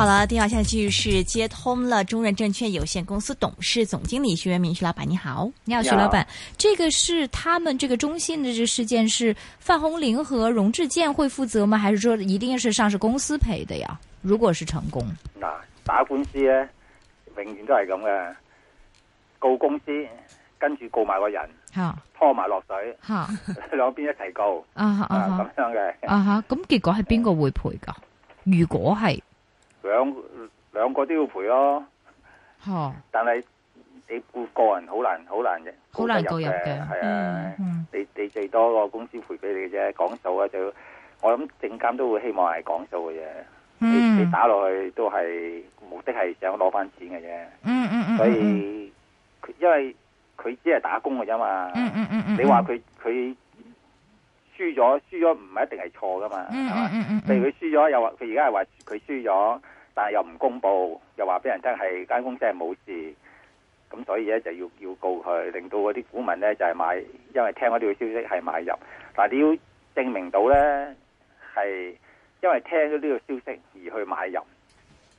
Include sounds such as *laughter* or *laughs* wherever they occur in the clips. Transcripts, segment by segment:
好了，電話下一句是接通了中潤證券有限公司董事總經理徐潤民徐老闆，你好，你好徐老闆，這個是他們這個中信的這事件是范鴻齡和榮智健會負責嗎？還是說一定是上市公司賠的呀？如果是成功，那打官司呢永遠都係咁嘅，告公司跟住告埋個人，拖埋落水，兩邊一齊告，咁樣嘅，咁結果係邊個會賠噶？如果係。兩兩個都要賠咯，嗬哈！但係你顧個人好難，好難嘅，好難介入嘅，係啊！你你最多個公司賠俾你嘅啫，講數啊就，我諗證監都會希望係講數嘅啫、嗯，你你打落去都係目的係想攞翻錢嘅啫、嗯，嗯嗯所以佢因為佢只係打工嘅啫嘛，嗯嗯嗯嗯嗯、你話佢佢。輸咗，輸咗唔係一定係錯噶嘛，係嘛？譬如佢輸咗，又話佢而家係話佢輸咗，但係又唔公布，又話俾人聽係間公司係冇事，咁所以咧就要要告佢，令到嗰啲股民咧就係、係、買，因為聽咗呢個消息係買入，但係你要證明到咧係因為聽咗呢個消息而去買入，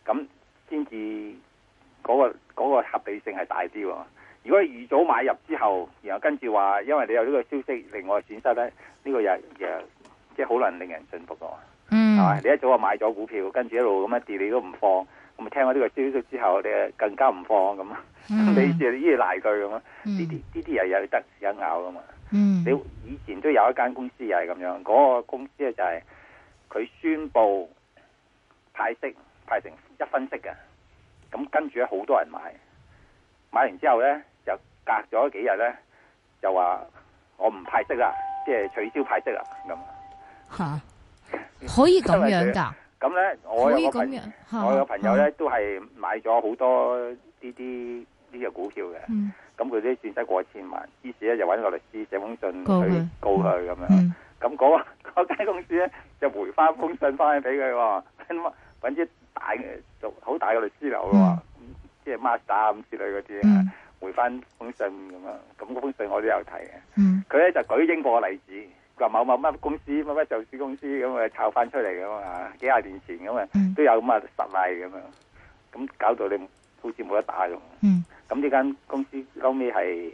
咁先至嗰個、嗰個合理性係大啲喎。如果係預早買入之後，然後跟住話，因為你有呢個消息，另外損失咧，呢個又又即係好難令人信服嘅。嗯，係咪？你一早就買咗股票，跟住一路咁樣跌，你都唔放。咁聽咗呢個消息之後，你啊更加唔放咁。你似依賴佢咁啊？呢啲呢啲又有得咬嘅嘛。嗯，你以前都有一間公司係咁樣，嗰個公司咧就係佢宣佈派息派成一分息嘅，咁跟住咧好多人買，買完之後咧。隔咗幾日咧，就話我唔派息啦，即係取消派息啦咁。吓，可以咁樣噶？咁咧，我有個朋友，我有個朋友咧，都係買咗好多呢啲呢隻股票嘅。咁佢啲損失過千萬，於是咧就揾個律師寫封信去告佢咁樣。咁嗰嗰間公司咧就回翻封信翻去俾佢，揾啲大就好大嘅律師樓嘅。即係 master 咁之類嗰啲，回翻封信咁啊，咁封信我都有睇嘅。佢咧就舉英國嘅例子，話某某乜公司、乜乜上市公司咁啊炒翻出嚟咁啊，幾廿年前咁啊，都有咁啊實例咁啊，咁搞到你好似冇得打咁。咁呢間公司後尾係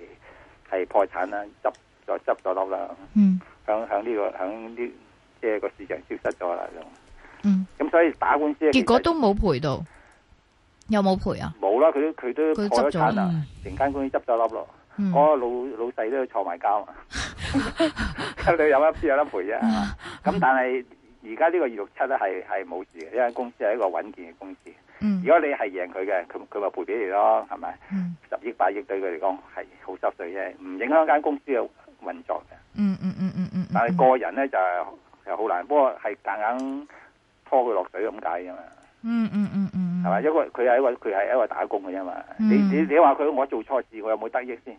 係破產啦，執再執咗笠啦。響響呢個響啲即係個市場消失咗啦。咁所以打官司結果都冇賠到。有冇賠啊？冇啦，佢佢都破咗產啦，成間公司執咗粒咯，個老老細都要坐埋監，你有得先有得賠啫。咁但係而家呢個二六七咧係係冇事嘅，呢間公司係一個穩健嘅公司。如果你係贏佢嘅，佢佢咪賠俾你咯，係咪？十億八億對佢嚟講係好濕碎啫，唔影響間公司嘅運作嘅。嗯嗯嗯嗯嗯。但係個人咧就就好難，不過係硬硬拖佢落水咁解嘅嘛。嗯嗯嗯。係嘛？因為佢係一個佢係一個打工嘅啫嘛。你你你話佢，我做錯事，我有冇得益先？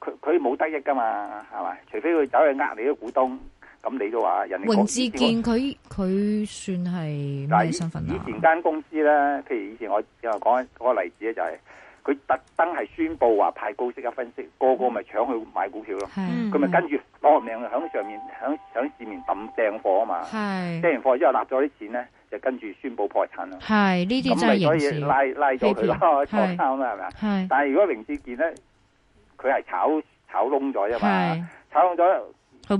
佢佢冇得益噶嘛，係咪？除非佢走去呃你啲股東，咁你都話人各。哋。榮智健佢佢算係咩身份啊？以前間公司咧，譬如以前我又講嗰個例子咧，就是，就係。佢特登係宣布話派高息嘅分息，個個咪搶去買股票咯，佢咪跟住攞命響上面響響市面抌訂貨嘛，抌完貨之後納咗啲錢咧，就跟住宣布破產啦。係呢啲真係容易，拉拉咗佢咯，創新啦係咪啊？但係如果榮志見咧，佢係炒炒窿咗啫嘛，炒窿咗。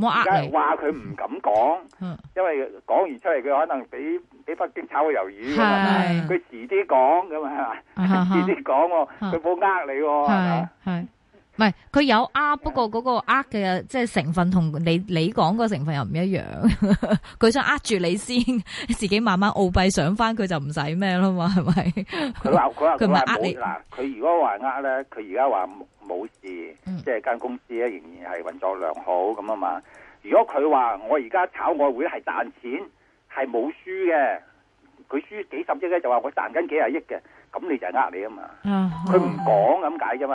而家話佢唔敢講，嗯、因為講完出嚟佢可能俾俾北京炒個魷魚，噶嘛。佢遲啲講咁嘛，遲啲講，佢冇呃你，哦，係嘛是。啊唔係佢有呃，不過嗰個呃嘅即係成分同你你講個成分又唔一樣。佢想呃住你先，自己慢慢澳幣上翻，佢就唔使咩咯嘛，係咪？佢話佢話佢唔呃你嗱。佢如果話呃咧，佢而家話冇事，即係間公司咧仍然係運作良好咁啊嘛。如果佢話我而家炒外匯係賺錢，係冇輸嘅，佢輸幾十億咧就話我賺緊幾廿億嘅，咁你就係呃你啊嘛。嗯，佢唔講咁解啫嘛。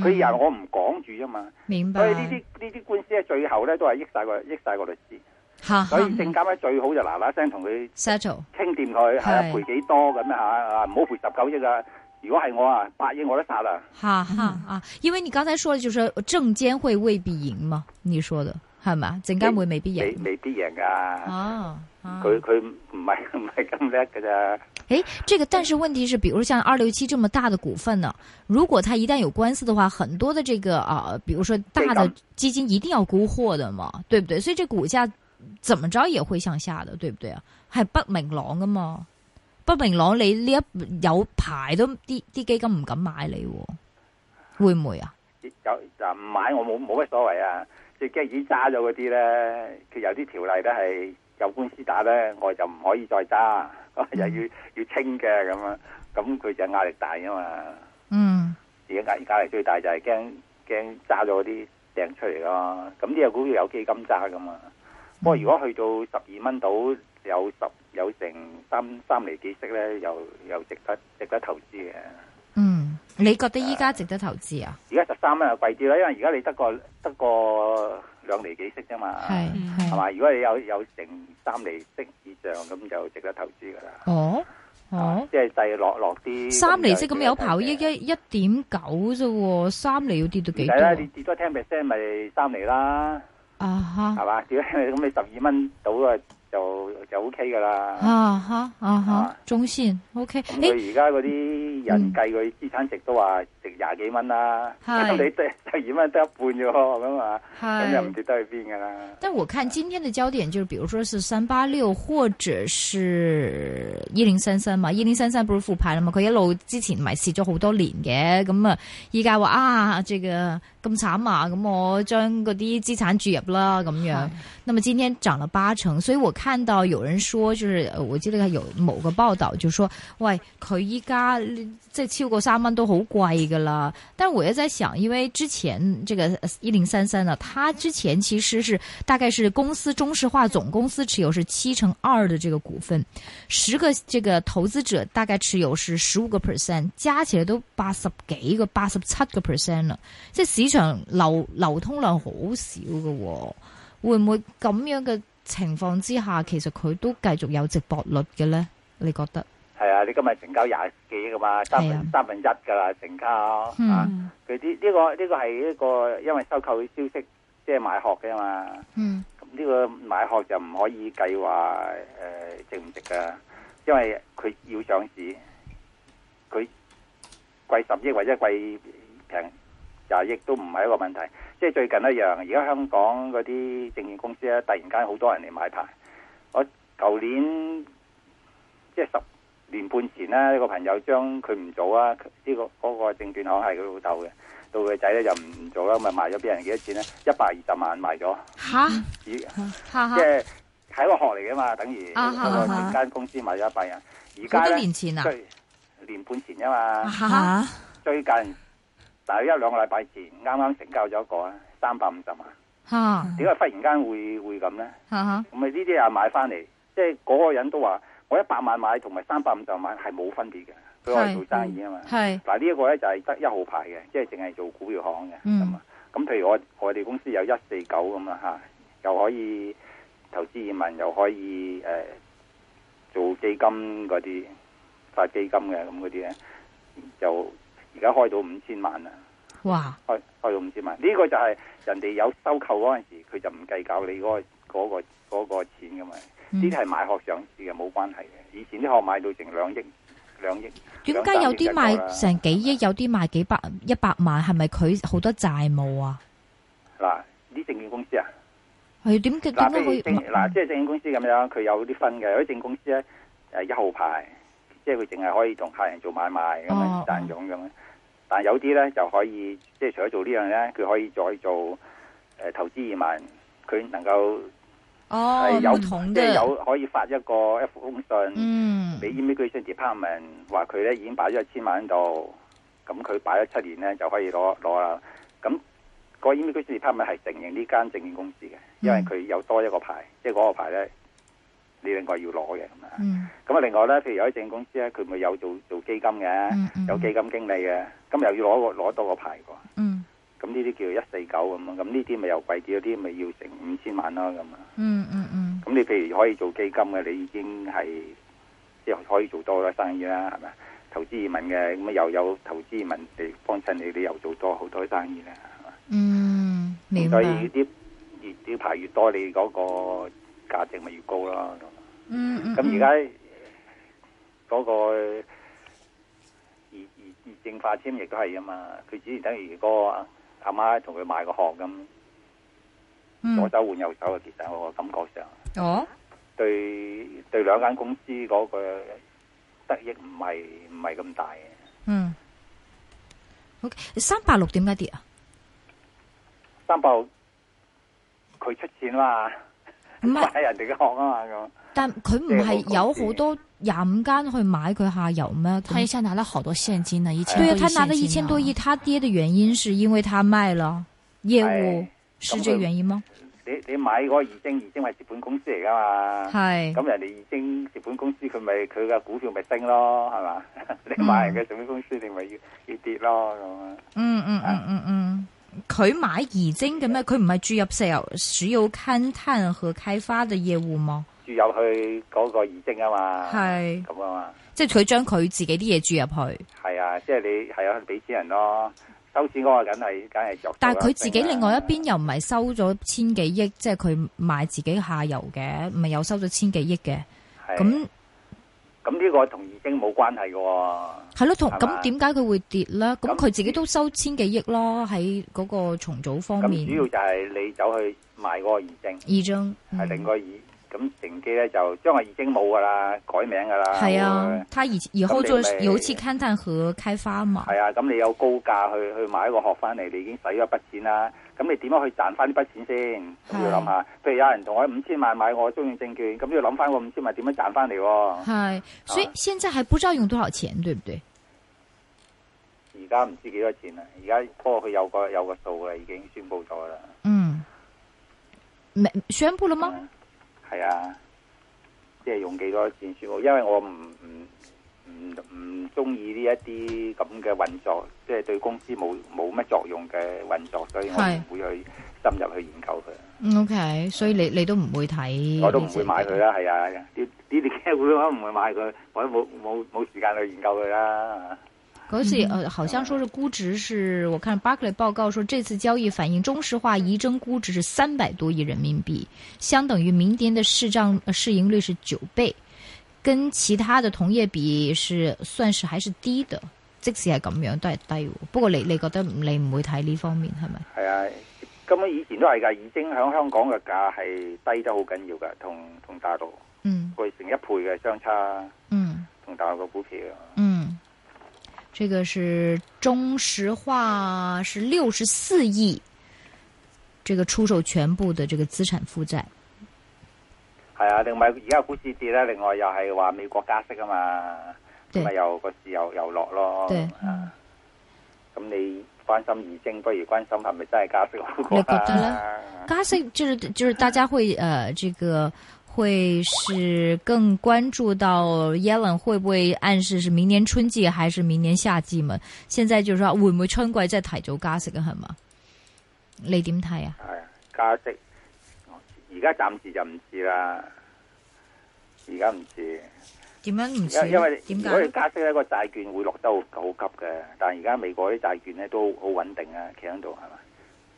佢又我唔講住啊嘛，嗯、明白所以呢啲呢啲官司喺最後咧都係益晒個益晒個律師。嚇哈！所以證監會最好就嗱嗱聲同佢 settle 傾掂佢，啊，賠幾多咁啊？唔好賠十九億啊！如果係我啊，八億我都殺啦。嚇嚇、嗯、啊！因為你剛才說嘅就係證監會未必贏嘛，你說嘅。係嘛？陣間，會未必贏，未必贏噶。哦、啊，佢佢唔係唔係咁叻噶咋？誒、欸，這個，但是問題是，比如像二六七這麼大的股份呢、啊？如果他一旦有官司嘅話，很多的這個啊，比如說大的基金一定要沽貨的嘛，對不對？所以這股價怎麼着也會向下的，對不對啊？係不明朗噶嘛？不明朗，你呢一有牌都啲啲基金唔敢買你、啊，會唔會啊？有就唔買我，我冇冇咩所謂啊？即驚已經揸咗嗰啲咧，佢有啲條例咧係有官司打咧，我就唔可以再揸，又要、mm. 要清嘅咁樣，咁佢就壓力大啊嘛。嗯，mm. 自己壓力壓力最大就係驚驚揸咗啲掟出嚟咯。咁呢個股票有基金揸噶嘛，不過、mm. 如果去到十二蚊到有十有成三三釐幾息咧，又又值得值得投資嘅。你覺得依家值得投資啊？而家十三蚊係貴啲啦，因為而家你得個得個兩厘幾息啫嘛。係係是是 吧，係嘛？如果你有有成三厘息以上咁就值得投資噶啦。哦哦，啊、即係滯落落啲。三厘息咁有跑一一一點九啫喎，三厘要跌到幾多，啊？唔係啊，你跌多聽 p e 咪三厘啦。啊哈，係嘛是吧？跌咗咁你十二蚊到啊！就就 O K 噶啦，uh huh, uh、huh, 啊吓啊吓，中信 O K，咁佢而家嗰啲人計佢資產值都話。成廿幾蚊啦，咁、啊、是你得二蚊得一半啫喎，咁啊是，咁又唔知得去邊噶啦。但我看今天嘅焦點就，比如說是三八六，或者是一零三三嘛，一零三三不如復牌啦嘛，佢一路之前咪蝕咗好多年嘅，咁啊，依家話啊，即係咁慘啊，咁我將嗰啲資產注入啦咁樣。是那麼今天漲咗八成，所以我看到有人說，就是我知道有某個報道就說，喂，佢依家即係超過三蚊都好貴。但係我又在想，因為之前這個一零三三呢，它之前其實是大概是公司中石化總公司持有是七成二的這個股份，十個這個投資者大概持有是十五個 percent，加起來都八十幾個八十七個 percent 啦。即係市場流流通量好少噶，哦，會唔會咁樣嘅情況之下，其實佢都繼續有值博率嘅呢？你覺得？係啊，你今日成交廿幾億噶嘛？三分的三分一噶啦，成交、嗯、啊！佢啲呢個呢、這個係一個因為收購消息，即、就、係、是、買殼嘅嘛。嗯，咁呢個買殼就唔可以計話誒值唔值噶，因為佢要上市，佢貴十億或者貴平廿億都唔係一個問題。即、就、係、是、最近一樣，而家香港嗰啲證券公司咧，突然間好多人嚟買牌。我舊年即係十。就是 10, 年半前咧，呢、呢個朋友將佢唔做啊，呢、呢個嗰、嗰個證券行係佢老豆嘅，到佢仔咧就唔做啦，咁咪賣咗俾人幾多錢咧？一百二十萬賣咗。嚇！即係喺個學嚟嘅嘛，等於嗰個、啊、間公司賣咗一百人。而家咧，前啊、年半前啫嘛。嚇、啊、最近大約一兩個禮拜前啱啱成交咗一個啊，三百五十萬。嚇、啊！點解忽然間會會咁咧？咁咪呢啲又買翻嚟，即係嗰個人都話。我一百萬買同埋三百五十萬係冇分別嘅，佢可以做生意啊嘛。係嗱呢一個咧，就係得一號牌嘅，即係淨係做股票行嘅。嗯，咁譬如我我哋公司有一四九咁啊嚇，又可以投資移民，又可以誒、呃、做基金嗰啲發基金嘅咁嗰啲咧，就而家開到五千萬啦。哇！哦、我我五千嘛，呢、呢個就係人哋有收購嗰陣時，佢就唔計較你嗰、嗰個嗰個、嗰個錢噶嘛。呢啲係買殼上市嘅冇關係嘅。以前啲殼買到成兩億,億，兩億,億。點解有啲賣成幾億，有啲賣幾百一百萬？係咪佢好多債務啊？嗱、啊，啲證券公司、哎、啊，係點解？佢、啊？嗱、啊，即係證券公司咁樣，佢有啲分嘅。有啲證券公司咧，誒一號牌，即係佢淨係可以同客人做買賣咁樣賺佣咁樣。但有啲咧就可以，即係除咗做樣，呢樣咧，佢可以再做誒、呃、投資移民，佢能夠哦，有同即係有可以發一個一封信，嗯，俾 Immigration Department 話佢咧已經擺咗一千萬喺度，咁佢擺咗七年咧就可以攞攞啦。咁、嗯那個 Immigration Department 係承認呢間證券公司嘅，因為佢有多一個牌，即係嗰個牌咧，你應、嗯、另外要攞嘅咁啊。咁啊，另外咧，譬如有啲證券公司咧，佢咪有做做基金嘅，有基金經理嘅。嗯嗯今日、嗯、又要攞個攞多個牌個，咁呢啲叫一四九咁咯，咁呢啲咪又貴啲，嗰啲咪要成五千萬啦咁啊。嗯嗯嗯。咁你譬如可以做基金嘅，你已經係即係可以做多啲生意啦，係咪？投資移民嘅咁又有投資移民嚟幫襯你，你又做多好多生意啦，係嘛？嗯，明白。所以啲越啲牌越多，你嗰個價值咪越高咯、嗯。嗯咁而家嗰個。正化簽亦都係啊嘛，佢之前等於個阿媽同佢買個殼咁，左手換右手嘅，其實我個感覺上，哦，對對兩間公司嗰個得益唔係唔係咁大嘅。嗯，OK，三百六點解跌啊？三百六，佢出錢啊嘛，唔係喺人哋嘅殼啊嘛咁。但佢唔係有好多。廿五間去買佢下游咩？他一下拿了好多現金啊。一千對啊，他拿咗一千多億。他跌的原因是因為他賣了業務，是這個原因嗎？你你買嗰個儀徵，儀徵係資本公司嚟噶嘛？係咁，人哋儀徵資本公司佢咪佢嘅股票咪升咯係嘛？你買嘅資本公司你咪要要跌咯咁嗯嗯嗯嗯嗯，佢、嗯嗯嗯嗯嗯、買儀徵嘅咩？佢唔係做石油、石油勘探和開發嘅業務嗎？注入去嗰個儀征啊嘛，係咁啊嘛，即係佢將佢自己啲嘢注入去。係啊，即係你係啊，俾錢人咯，收錢嗰個人梗係梗係作。但係佢自己另外一邊又唔係收咗千幾億，即係佢賣自己下游嘅，唔係又收咗千幾億嘅。咁咁呢個同儀征冇關係噶。係咯，同咁點解佢會跌咧？咁佢自己都收千幾億咯，喺嗰個重組方面。咁主要就係你走去賣嗰個儀征，儀征係另一個二。咁成機咧，就，將來已經冇噶啦，改名噶啦。係啊，他以以後做油氣勘探和開發嘛。係、嗯、啊，咁你有高價去去買個殼翻嚟，你已經使咗筆錢啦。咁你點樣去賺翻呢筆錢先？你要諗下，譬如有人同我五千萬買我中遠證券，咁要諗翻我五千萬點樣賺翻嚟？係，所以現在還不知道用多少錢，對不對？而家唔知幾多錢啊。而家不過佢有個有個數啦，已經宣佈咗啦。嗯，宣佈了嗎？係啊，即係用幾多錢算好，因為我唔唔唔唔中意呢一啲咁嘅運作，即係對公司冇冇乜作用嘅運作，所以我唔會去深入去研究佢。OK，所以你你都唔會睇，啊，我都唔會買佢啦。係啊，呢呢啲機會我都唔會買佢，我都冇冇冇時間去研究佢啦。好似，嗯、哼呃，好像說是估值是我看巴克 r c 報告說，這次交易反映中石化移증估值是三百多億人民幣，相等於明天的市賬市盈率是九倍，跟其他的同業比是算是還是低的。即使係搞唔都太低。不過你你覺得你唔會睇呢方面係咪？係啊，咁啊以前都係噶，已經響香港嘅價係低得好緊要噶，同同大陸，嗯，佢成一倍嘅相差，嗯，同大陸嘅股票。嗯這個是中石化是六十四億，這個出售全部的這個資產負債。係啊，另外而家股市跌啦，另外又係話美國加息啊嘛，咪啊又個市又又落咯。對，啊，咁對、嗯、你關心二精，不如關心係咪真係加息，你、嗯、覺得呢？加息就是就是大家會 *laughs* 呃，這個。會是更關注到耶倫會不會暗示是明年春季還是明年夏季嘛？現在就是話，會唔會春季即係提早加息啊，係嘛？你點睇啊？係加息，而家、啊哎、暫時就唔知啦。而家唔知點樣唔知？因為，為如果要加息咧，個債券會落得好急嘅。但係而家美國啲債券咧都好穩定啊，企喺度係嘛？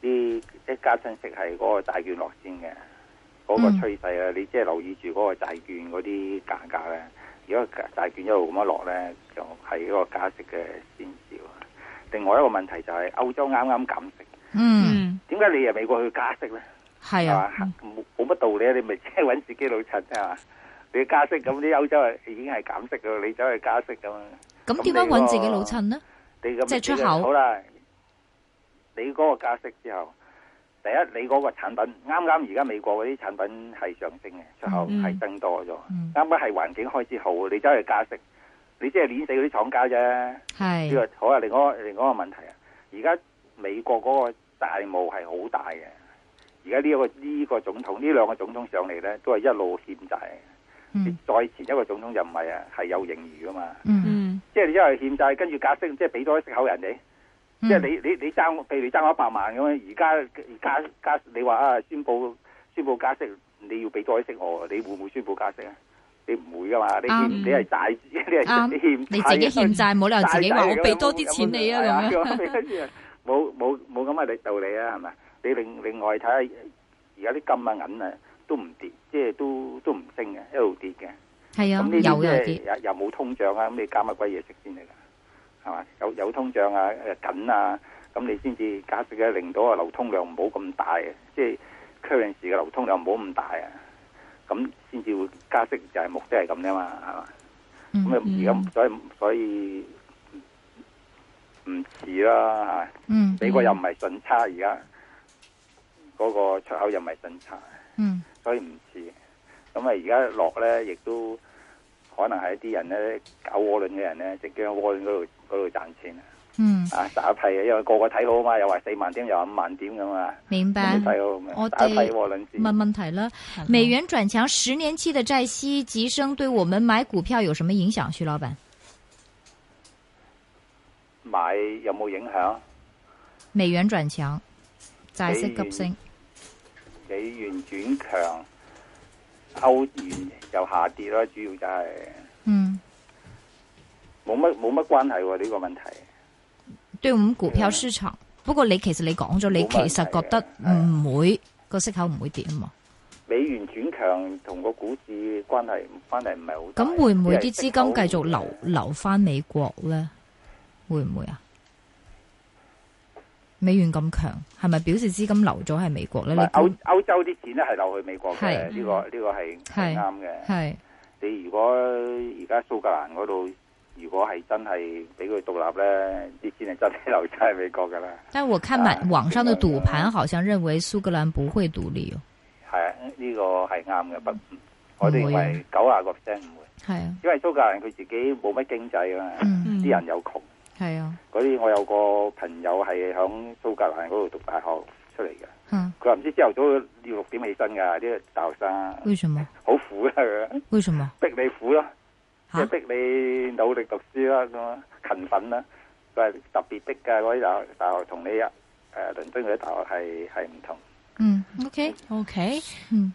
啲即加薪息係嗰個債券落先嘅。嗰個趨勢啊，嗯、你即係留意住嗰個債券嗰啲價格咧。如果債券一路咁樣落咧，就係、是、一個加息嘅先兆。另外一個問題就係歐洲啱啱減息。嗯，點解你又美國去加息咧？係啊，冇乜、啊、道理啊？你咪即係搵自己老襯啫嘛？你要加息，咁啲歐洲係已經係減息噶，你走去加息咁。咁點解搵自己老襯呢？你即咁係出口。好啦，你嗰個加息之後。第一，你嗰個產品啱啱而家美國嗰啲產品係上升嘅，出口係增多咗。啱啱係環境開始好，你走去加息，你即係攣死嗰啲廠家啫。係呢個好啊！另外另外一個問題啊，而家美國嗰個債務係好大嘅。而家呢一個呢個總統，呢兩個總統上嚟咧，都係一路欠債。嗯。再前一個總統就唔係啊，係有盈餘噶嘛？嗯。嗯。即係你因為欠債，跟住加息，即係俾多啲息口人哋。嗯、即係你你你爭，譬如你爭一百萬咁樣，而家而家加，你話啊宣布宣布加息，你要俾多息我，你會唔會宣布加息啊？你唔會噶嘛？啊、你你係債，你係欠債，你自己欠債冇錢理由自己話我俾多啲錢，錢你啊冇冇冇咁嘅道理啊？係咪？你另另外睇下，而家啲金啊銀啊都唔跌，即係都都唔升嘅，一路跌嘅。係啊，就是、有又跌，又冇通脹啊！咁你加乜鬼嘢食先嚟噶？係嘛？有有通脹啊？誒緊啊？咁你先至加息嘅、啊，令到啊流通量唔好咁大、啊，即係 currency 嘅流通量唔好咁大啊！咁先至會加息，就係目的係咁啫嘛，係嘛？咁啊而家所以所以唔遲啦嚇。嗯，啊、嗯嗯美國又唔係順差，而家嗰個出口又唔係順差，嗯。嗯，所以唔遲、嗯。咁啊而家落咧，亦、嗯嗯嗯、都。可能係一啲人咧，搞渦輪嘅人咧，就喺渦輪嗰度嗰度賺錢、嗯、啊！嗯，啊，打一批，因為個個睇好啊嘛，又話四萬點，又話五萬點咁啊，明白。我打一批窩輪先。問問題啦。的美元轉強，十年期嘅債息急升，對我們買股票有什麼影響？徐老闆，買有冇影響？美元轉強，債息急升，美元轉強。歐元又下跌啦，主要就係、是、嗯，冇乜冇乜關係呢、啊這個問題。對，五股票市場。不過你其實你講咗，你其實覺得唔會個的息口唔會跌嘛、啊？美元轉強同個股市關係關係唔係好。咁會唔會啲資金繼續流流翻美國咧？會唔會啊？美元咁強，係咪表示資金流咗喺美國咧？歐歐洲啲錢咧係流去美國嘅，呢是、這個呢、這個係啱嘅。係是你如果而家蘇格蘭嗰度，如果係真係俾佢獨立咧，啲錢係真係流咗喺美國噶啦。但我看網上嘅賭盤，好像認為蘇格蘭不會獨立哦。係呢個係啱嘅，不，我哋認為九十個 percent 唔會。係、嗯，嗯、因為蘇格蘭佢自己冇乜經濟啊，啲人有窮。係啊，嗰啲我有個朋友係響蘇格蘭嗰度讀大學出嚟嘅，佢話唔知朝頭早要六點起身噶啲大學生，為什麼？好苦啦、啊，佢，為什麼？逼你苦咯、啊，即係、啊、逼你努力讀書啦、啊，咁啊勤奮啦，佢係特別逼噶嗰啲大學，大學同你啊誒倫敦啲大學係係唔同。嗯，OK，OK，嗯。Okay, okay. 嗯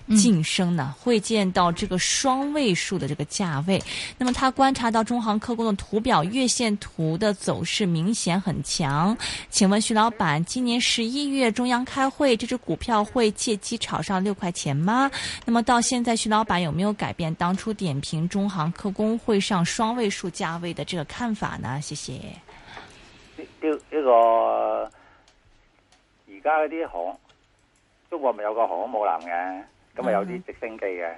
晉升呢，會見到這個雙位數的這個價位，那麼他觀察到中航客工的圖表月線圖的走勢明顯很強，請問徐老闆，今年十一月中央開會，這隻股票會借機炒上六塊錢嗎？那麼到現在，徐老闆有沒有改變當初點評中航客工會上雙位數價位的這個看法呢？謝謝。呢、這個而家啲航，中國咪有個航空母艦嘅？咁啊有啲直升機嘅，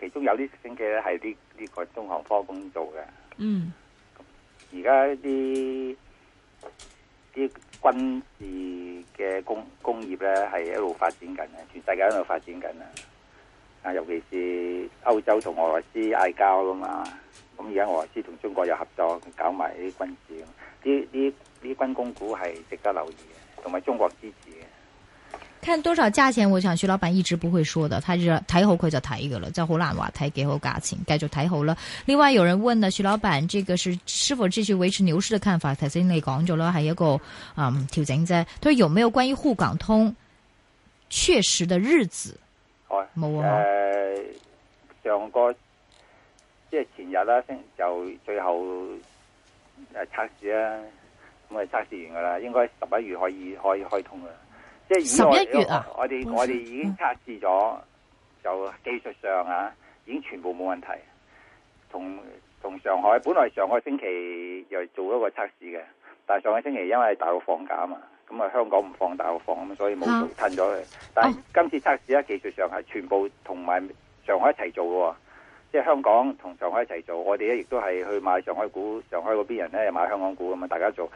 其中有啲直升機咧係啲呢個中航科工做嘅。嗯，而家啲啲軍事嘅工工業咧係一路發展緊嘅，全世界喺度發展緊啊！啊，尤其是歐洲同俄羅斯嗌交啊嘛，咁而家俄羅斯同中國又合作搞埋啲軍事，呢啲啲軍工股係值得留意嘅，同埋中國支持嘅。看多少價錢，我想徐老闆一直不會說的，他就睇好佢就睇噶啦，再好難話睇幾好價錢，繼續睇好啦。另外有人問呢，徐老闆，這個是是否繼續維持牛市的看法？頭先你講咗啦，係一個啊調整啫。佢、嗯、有沒有關於滬港通確實的日子？冇啊、哦呃。上個即係前日啦，先就最後誒測試啦，咁啊測試完噶啦，應該十一月可以可以開通啦。十一月啊！我哋我哋已經測試咗，就技術上啊，已經全部冇問題。同同上海本來上個星期又做咗個測試嘅，但係上個星期因為大陸放假啊嘛，咁、嗯、啊香港唔放，大陸放咁，所以冇做，褪咗佢。但今次測試咧，技術上係全部同埋上海一齊做嘅，即係香港同上海一齊做。我哋咧亦都係去買上海股，上海嗰邊人咧又買香港股咁啊，大家做，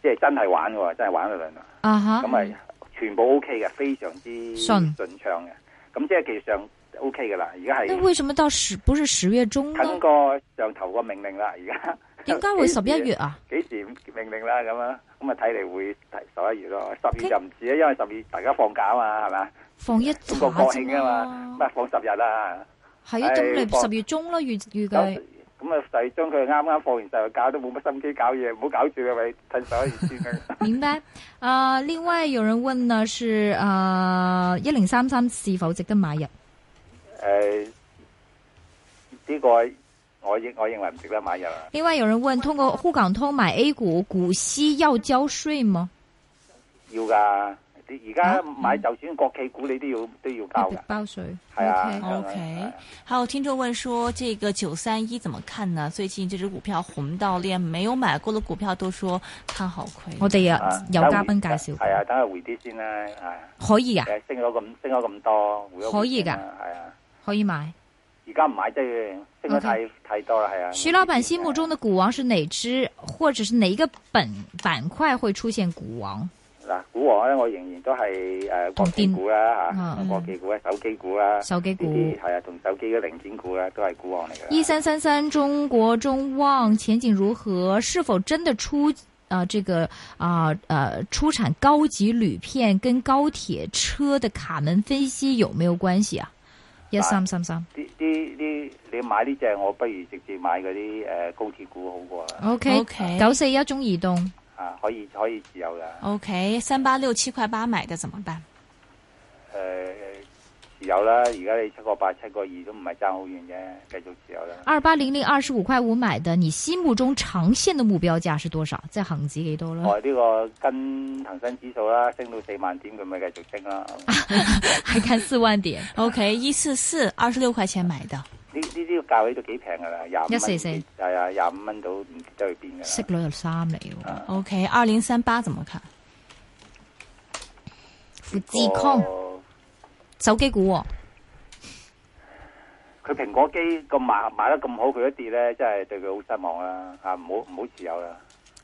即係真係玩嘅，真係玩嘅輪啊！咁咪、uh。Huh, 嗯全部 O K 嘅，非常之順順暢嘅，咁即係其實 O K 噶啦。而家係。那為什麼到十不是十月中通過上頭個命令啦，而家。點解會十一月啊？幾時，時命令啦？咁啊，咁啊，睇嚟會十一月咯。十月就唔止啊，因為十二大家放假啊嘛，係咪？放一下啫嘛，唔放十日啊？係啊，咁、哎、你十月中咯，預預計。計咁啊，就將佢啱啱放完晒搞，都冇乜心機搞嘢，唔好搞住啦，咪睇手先啦。明白。啊、呃，另外有人問呢，是啊，一零三三是否值得買入？誒、呃、呢、這個我認我認為唔值得買入。另外有人問，通過滬港通買 A 股股息，要交稅嗎？要㗎。你而家買就算國企股，你都要都要交嘅，包稅。係啊。O K，還有聽眾問說，這個九三一怎麼看呢？最近這隻股票紅到裂，沒有買過的股票都說看好佢。我哋有有嘉賓介紹。係啊，等佢回啲先啦。啊，可以噶。升咗咁升咗咁多，可以噶。係啊，可以買。而家唔買即係升得太太多啦，係啊。徐老闆心目中的股王是哪支，或者是哪一個板板塊會出現股王？嗱，股王咧，我仍然都係誒、呃，國企股啦吓，啊嗯、國企股咧，手機股啦，手機股係啊，同手機嘅零件股咧，都係股王嚟嘅。一三三三中國中旺前景如何？是否真的出啊？這個啊，呃，出產高級鋁片跟高鐵車的卡門分析有沒有關係啊？一三三三，啲啲你買呢隻，我不如直接買嗰啲誒，高鐵股好過啦。OK，OK，九四一中移動。啊，可以可以持有嘅。OK，三八六七塊八買的怎麼辦？誒、呃，持有啦，而家你七個八七個二都唔係爭好遠嘅，繼續持有啦。二八零零二十五塊五買的，你心目中長線嘅目標價是多少？再恒指幾多啦？我呢、哦這個跟恒生指數啦，升到四萬點咁咪繼續升啦。 *laughs* 還看四萬點？OK，一四四二十六塊錢買的。呢呢啲個價位都幾平噶啦，廿五蚊到係啊，廿五蚊到唔知會變噶。息率就三厘喎。O K，二零三八就冇錯。富智康手機股，佢蘋果機咁買買得咁好，佢一跌咧，真係對佢好失望啦。吓，唔好唔好持有啦。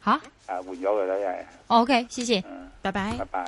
吓？啊，換咗佢啦，真係。O K，謝謝。嗯，拜拜。拜拜。